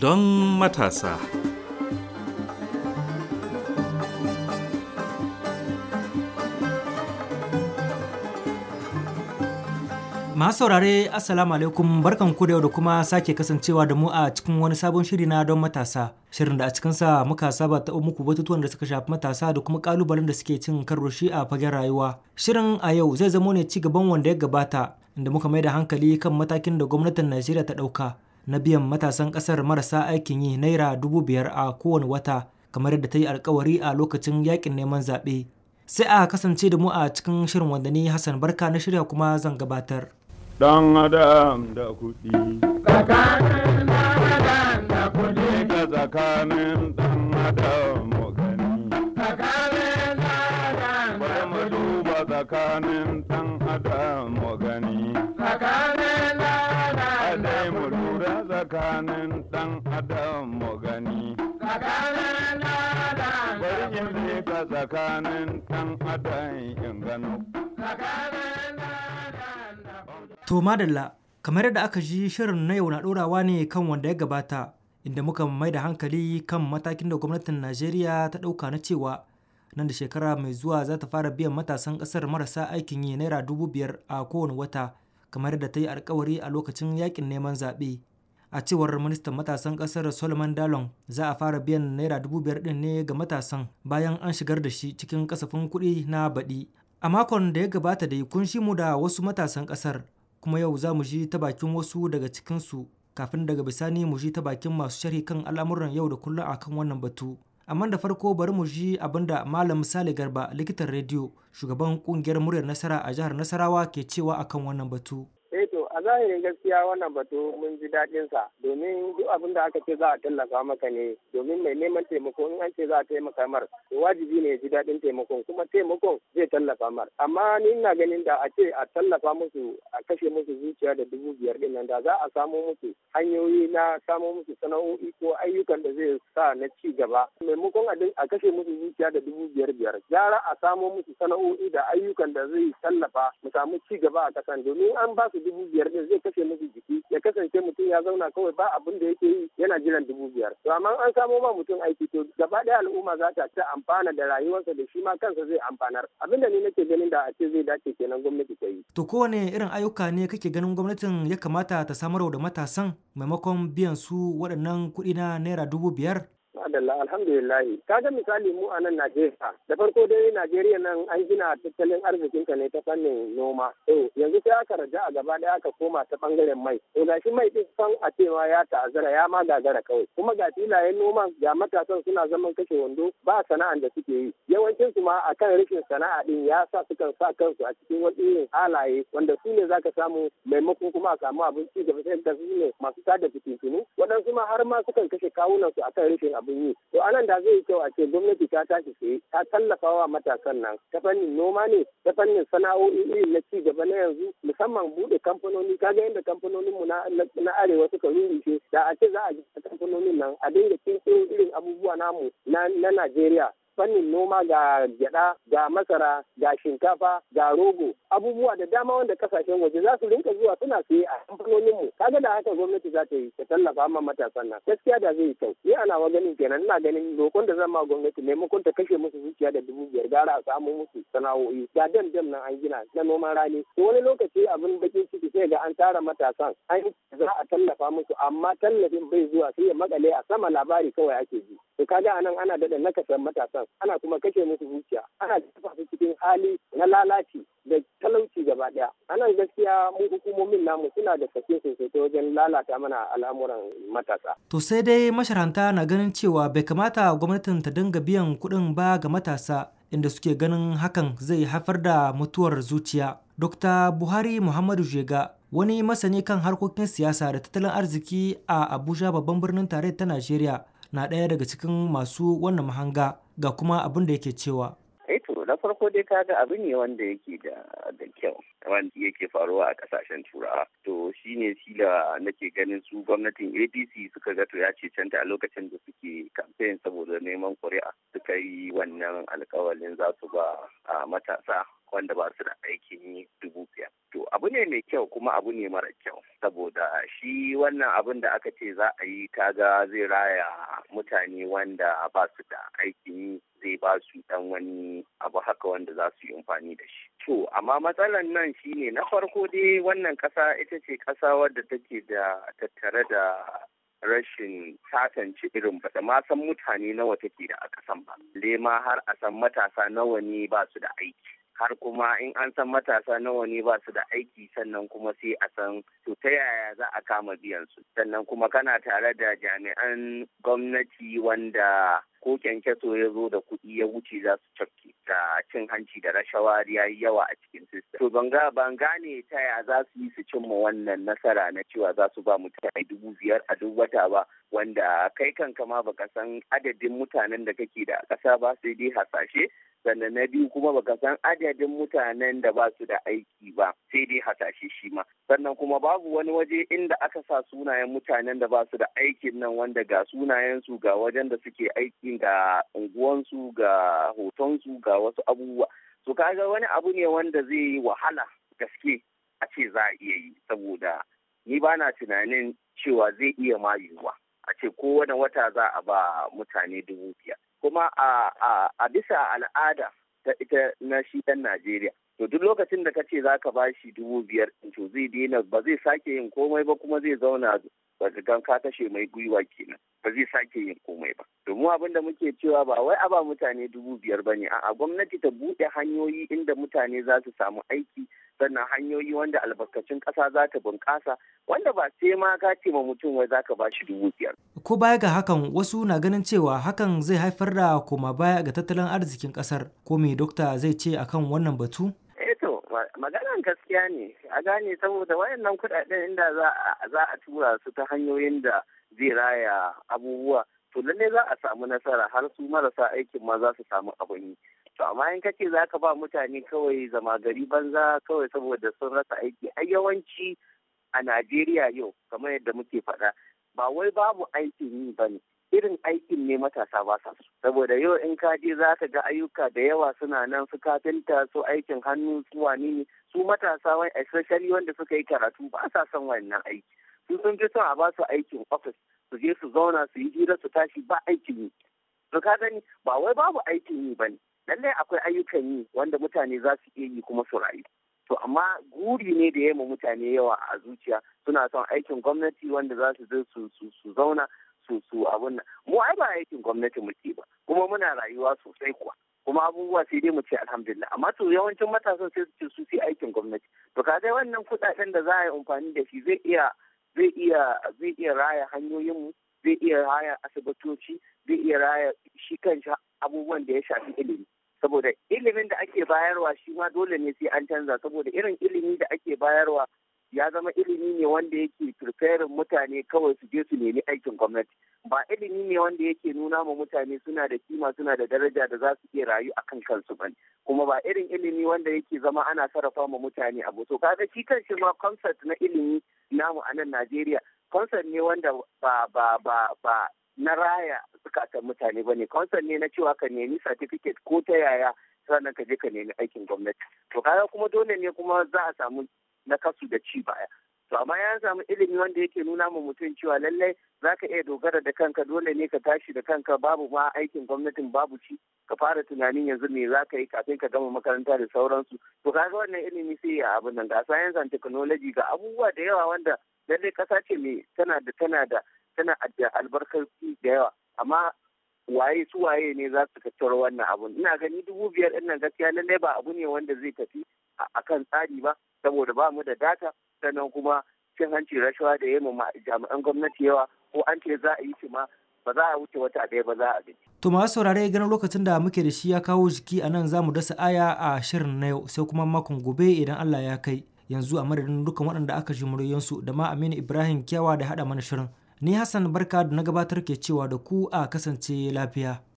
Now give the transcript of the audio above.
don matasa. Masu saurare Assalamu alaikum barkan ku da yau da kuma sake kasancewa da mu a cikin wani sabon shiri na don matasa. Shirin da a cikinsa muka saba ta muku batutuwan da suka shafi matasa da kuma kalubalen da suke cin karo shi a fagen rayuwa. Shirin a yau zai zamo ne ci gaban wanda ya gabata inda muka mai da hankali kan matakin da gwamnatin Najeriya ta ɗauka na biyan matasan ƙasar marasa aikin yi naira dubu biyar a kowane wata kamar yadda ta yi alkawari a lokacin yakin neman zaɓe. Sai a kasance da mu a cikin shirin wanda ni Hassan Barka na shirya kuma zan gabatar. Dan adam da kuɗi. Tsakanin dan adam da kuɗi. Tsakanin dan adam tsakanin dan adam mu gani tsakanin dan adam bari to madalla kamar yadda aka ji shirin na yau na ɗorawa ne kan wanda ya gabata inda muka mai da hankali kan matakin da gwamnatin najeriya ta ɗauka na cewa nan da shekara mai zuwa za ta fara biyan matasan ƙasar marasa aikin yi naira dubu biyar a kowane wata kamar da ta yi alkawari a lokacin yakin neman zaɓe a cewar ministan matasan kasar solomon dalon za a fara biyan naira dubu biyar din ne ga matasan bayan an shigar da shi cikin kasafin kuɗi na baɗi a makon da ya gabata dai kun shi mu da wasu matasan ƙasar kuma yau za mu ji ta bakin wasu daga cikinsu kafin daga bisani mu ji ta bakin masu sharhi kan al'amuran yau da kullum a kan wannan batu amma da farko bari mu ji abin da malam sale garba likitan rediyo shugaban kungiyar muryar nasara a jihar nasarawa ke cewa akan wannan batu zahirin gaskiya wannan batu mun ji daɗin sa domin duk abin da aka ce za a tallafa maka ne domin mai neman taimako in an ce za a taimaka mar wajibi ne ya ji daɗin taimakon kuma taimakon zai tallafa mar amma ni ina ganin da a ce a tallafa musu a kashe musu zuciya da dubu biyar din nan da za a samo musu hanyoyi na samo musu sana'o'i ko ayyukan da zai sa na ci gaba maimakon a kashe musu zuciya da dubu biyar biyar gara a samo musu sana'o'i da ayyukan da zai tallafa mu samu ci gaba a kasan domin an ba su dubu biyar din da zai kashe musu jiki ya kasance mutum ya zauna kawai ba abin da yake yi yana jiran dubu biyar to amma an samo ma mutum aiki to gaba ɗaya al'umma za ta ta amfana da rayuwarsa da shi ma kansa zai amfanar abinda ni nake ganin da a ce zai dace kenan gwamnati ta yi to kowane irin ayyuka ne kake ganin gwamnatin ya kamata ta samarwa da matasan maimakon biyan su waɗannan kuɗi na naira dubu biyar Adalla ka kaga misali mu a nan Najeriya da farko dai Najeriya nan an gina tattalin arzikin ta ne ta fannin noma to yanzu sai aka raja a gaba daya aka koma ta bangaren mai to gashi mai din san a cewa ya ta'azara ya ma gagara kawai kuma ga filayen noma ga matasan suna zaman kashe wando ba sana'an da suke yi yawancin su ma akan rikin sana'a din ya sa sukan sa kansu a cikin wani irin halaye wanda su ne zaka samu maimakon kuma a samu abinci gaba sai da su ne masu tada fitintunu waɗansu ma har ma sukan kashe kawunan su akan rikin abin yi to anan da zai kyau a ce gwamnati ta tashi sai ta tallafa wa matasan nan ta fannin noma ne ta fannin sana'o'i irin na ci gaba na yanzu musamman bude kamfanoni kaga yadda kamfanonin mu na arewa suka rurrushe da a ce za a gina kamfanonin nan a dinga cikin irin abubuwa namu na Najeriya fannin noma ga gyada ga masara ga shinkafa ga rogo abubuwa da dama wanda kasashen waje za su rinka zuwa suna siye a kamfanonin mu kaga da haka gwamnati za ta yi ta tallafa ma matasan nan gaskiya da zai yi kyau ni ana wa ganin kenan ina ganin dokon da zan ma gwamnati maimakon ta kashe musu zuciya da dubu biyar gara a samu musu sana'o'i Da dam dam nan an gina na noman rani to wani lokaci abin bakin ciki sai ga an tara matasan an za a tallafa musu amma tallafin bai zuwa sai ya makale a sama labari kawai ake ji to kaga anan ana daɗa nakasan matasan ana kuma kashe musu zuciya ana jefa su cikin hali na lalaci nan gaskiya mu hukumomin namu suna da sake sosai ta wajen lalata mana al'amuran matasa. To sai dai masharanta na ganin cewa bai kamata gwamnatin ta dinga biyan kuɗin ba ga matasa inda suke ganin hakan zai haifar da mutuwar zuciya. Dr. Buhari Muhammadu Jega wani masani kan harkokin siyasa da tattalin arziki a Abuja babban birnin tare ta Najeriya na ɗaya daga cikin masu wannan mahanga ga kuma abin da yake cewa. na farko dai kaga abu ne wanda yake da kyau wanda yake faruwa a kasashen turawa to shine sila nake ganin su gwamnatin APC suka ga to ya ce canta a lokacin da suke campaign saboda neman kuri'a suka yi wannan alƙawalin za su ba a matasa wanda ba su da aikin yi dubu biyar. To abu ne mai kyau kuma abu ne mara kyau saboda shi wannan abin da aka ce za a yi kaga zai raya mutane wanda ba su da aikin yi zai ba su dan wani abu haka wanda za su yi amfani da shi. To, amma matsalan nan shine na farko dai wannan ƙasa ita ce ƙasa wadda take da tattare da rashin tantance irin ba da ma san mutane nawa take da a ƙasan ba. Lema har a san matasa nawa ne ba su da aiki. har kuma in an san matasa nawa ne ba su da aiki sannan kuma sai a san to ta yaya za a kama biyan su sannan kuma kana tare da jami'an gwamnati wanda ko kyankyaso ya zo da kuɗi ya wuce za su cakke da cin hanci da rashawa ya yi yawa a cikin sistem. To banga gane ta ya za su yi su cimma wannan nasara na cewa za su ba mutane dubu biyar a duk wata ba wanda kai kanka ma baka san adadin mutanen da kake da ƙasa ba sai dai hasashe sannan na biyu kuma baka san adadin mutanen da ba su da aiki ba sai dai hasashe shi ma sannan kuma babu wani waje inda aka sa sunayen mutanen da ba su da aikin nan wanda ga sunayen su ga wajen da suke aiki ga unguwansu ga hotonsu ga wasu abubuwa ka ga wani abu ne wanda zai yi wahala gaske a ce za a iya yi saboda ni ba na tunanin cewa zai iya ma yiwuwa a ce kowane wata za a ba mutane dubu biyar kuma a bisa al'ada ta ita na shi ɗan Najeriya to duk lokacin da ka ce za ka ba shi dubu biyar to zai daina ba zai sake yin komai ba kuma zai zauna Ba gan ka kashe mai gwiwa kenan ba zai sake yin komai ba domin abin da muke cewa ba wai aba mutane dubu biyar ba ne a gwamnati ta buɗe hanyoyi inda mutane za su samu aiki sannan hanyoyi wanda albarkacin ƙasa za ta bunƙasa wanda ba sai ma ka ce ma mutum wai zaka ba shi dubu biyar. ko baya ga hakan wasu na ganin cewa hakan zai haifar da koma baya ga tattalin arzikin ƙasar ko me dokta zai ce akan wannan batu. maganan gaskiya ne a gane saboda wayannan kudaden inda za a tura su ta hanyoyin da zai raya abubuwa to lalle za a samu nasara har su marasa aikin ma za su samu abin yi to amma in kace za ka ba mutane kawai zama gari banza kawai saboda sun rasa aiki a yawanci a najeriya yau kamar yadda muke faɗa ba wai babu aikin yi ba ne irin aikin ne matasa ba sa su saboda yau in ka je za ka ga ayyuka da yawa suna nan su kafinta su aikin hannu su wani ne su matasa wani especially wanda suka yi karatu ba sa son wannan aiki su sun fi son a ba su aikin ofis su je su zauna su yi hira su tashi ba aikin yi su ka gani ba wai babu aikin yi ba ne lallai akwai ayyukan yi wanda mutane za su iya yi kuma su rayu to amma guri ne da ya mutane yawa a zuciya suna son aikin gwamnati wanda za su je su zauna su su abin nan mu ai ba aikin gwamnati muke ba kuma muna rayuwa sosai kuwa kuma abubuwa sai dai mu ce alhamdulillah amma to yawancin matasan sai su ce su sai aikin gwamnati to ka dai wannan kudaden da za a yi amfani da shi zai iya zai iya zai iya raya hanyoyin mu zai iya raya asibitoci zai iya raya shi kan abubuwan da ya shafi ilimi saboda ilimin da ake bayarwa shi ma dole ne sai an canza saboda irin ilimi da ake bayarwa ya zama ilimi ne wanda yake preparing mutane kawai su je su nemi aikin gwamnati ba ilimi ne wanda yake nuna ma mutane suna da kima suna da daraja da za su iya rayu a kan kansu ba kuma ba irin ilimi wanda yake zama ana sarrafa ma mutane abu to kaga shi kanshi ma concert na ilimi namu a nan Najeriya concert ne wanda ba ba ba ba na raya zukatan mutane ba ne concert ne na cewa ka nemi certificate ko ta yaya sannan ka je ka nemi aikin gwamnati to kaga kuma dole ne kuma za a samu na kasu da ci baya to amma ya samu ilimi wanda yake nuna ma mutum cewa lallai za ka iya dogara da kanka dole ne ka tashi da kanka babu ma aikin gwamnatin babu ci ka fara tunanin yanzu me za ka yi kafin ka gama makaranta da sauransu to kaga wannan ilimi sai ya abin nan ga science and technology ga abubuwa da yawa wanda lallai kasa ce mai tana da tana da tana da da yawa amma waye su waye ne za su tattaro wannan abun ina gani dubu biyar ɗin nan gaskiya lallai ba abu ne wanda zai tafi akan tsari ba saboda ba mu da data sannan kuma cin hanci rashawa da ma jami'an gwamnati yawa ko an ce za a yi shi ma ba za a wuce wata ɗaya ba za a bi. To masu saurare ganin lokacin da muke da shi ya kawo jiki a nan za mu dasa aya a shirin na yau sai kuma makon gobe idan Allah ya kai. Yanzu a madadin dukkan waɗanda aka ji muryoyinsu da ma Aminu Ibrahim Kyawa da haɗa mana shirin. Ni Hassan Barka da na gabatar ke cewa da ku a kasance lafiya.